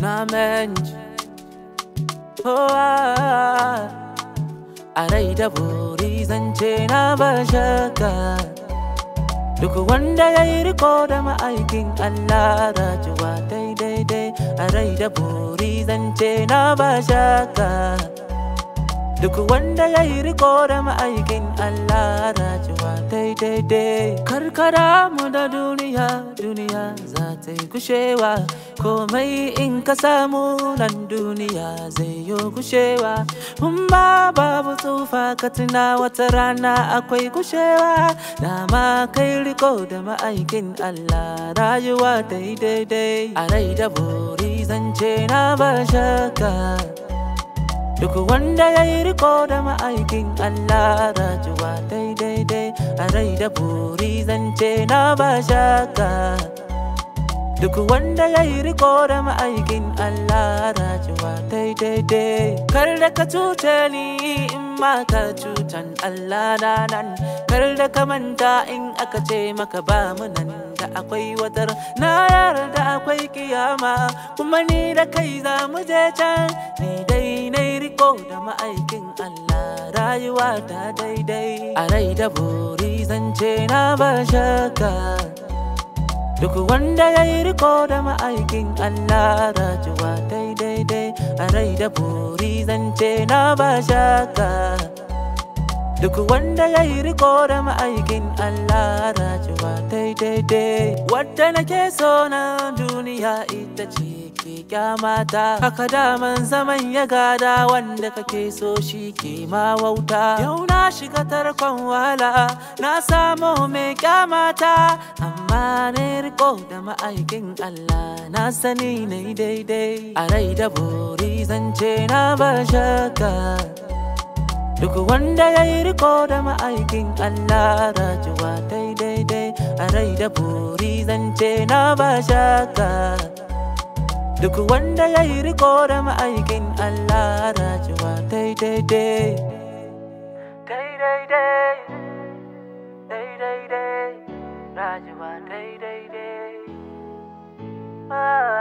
na manji oh, ah, ah. a rai da buri zance na ba duk wanda ya yi riko da ma'aikin Allah rajuwa daidai a rai da buri zance na bashaka Duk wanda ya yi riko da ma'aikin Allah rajuwa daidai Karkara mu da duniya, duniya za ta yi kushewa Komai in ka samu nan duniya zai yi kushewa Mun ba babu tsufa ka tuna wata rana akwai kushewa Dama kai riko da ma'aikin Allah rayuwa daidai A rai da buri zance na ba shakka Duk wanda ya yi riko da ma'aikin Allah rajuwa daidai dai a rai da buri zance na ba shaka. Duk wanda ya yi riko da ma'aikin Allah rajuwa daidai dai. Kar da ka cuce ni in ma ka cutan Allah na nan, kar da ka manta in aka ce maka ba mu nan. da akwai watar na da akwai kiyama kuma ni da kai za mu je can ni dai na riko da ma'aikin Allah rayuwa ta daidai a rai da buri zance na ba shaka. duk wanda ya yi riko da ma'aikin Allah rayuwa ta daidai a rai da buri zance na ba shaka. Duk wanda ya yi riko da ma'aikin Allah rajuwa daidai Wadda nake so na duniya ita ce ke kyamata Haka daman zaman ya gada wanda kake so shi ke ma Yau na shiga tarkon wahala na samu mai kyamata Amma ne riko da ma'aikin Allah na sani na daidai A rai da bori zance na ba shaka Duk wanda ya yi riko da ma'aikin Allah rajuwa daidai a rai da buri zance na ba shaka. Duk wanda ya yi riko da ma'aikin Allah rajuwa daidai Daidai Daidai Rajuwa daidai Ah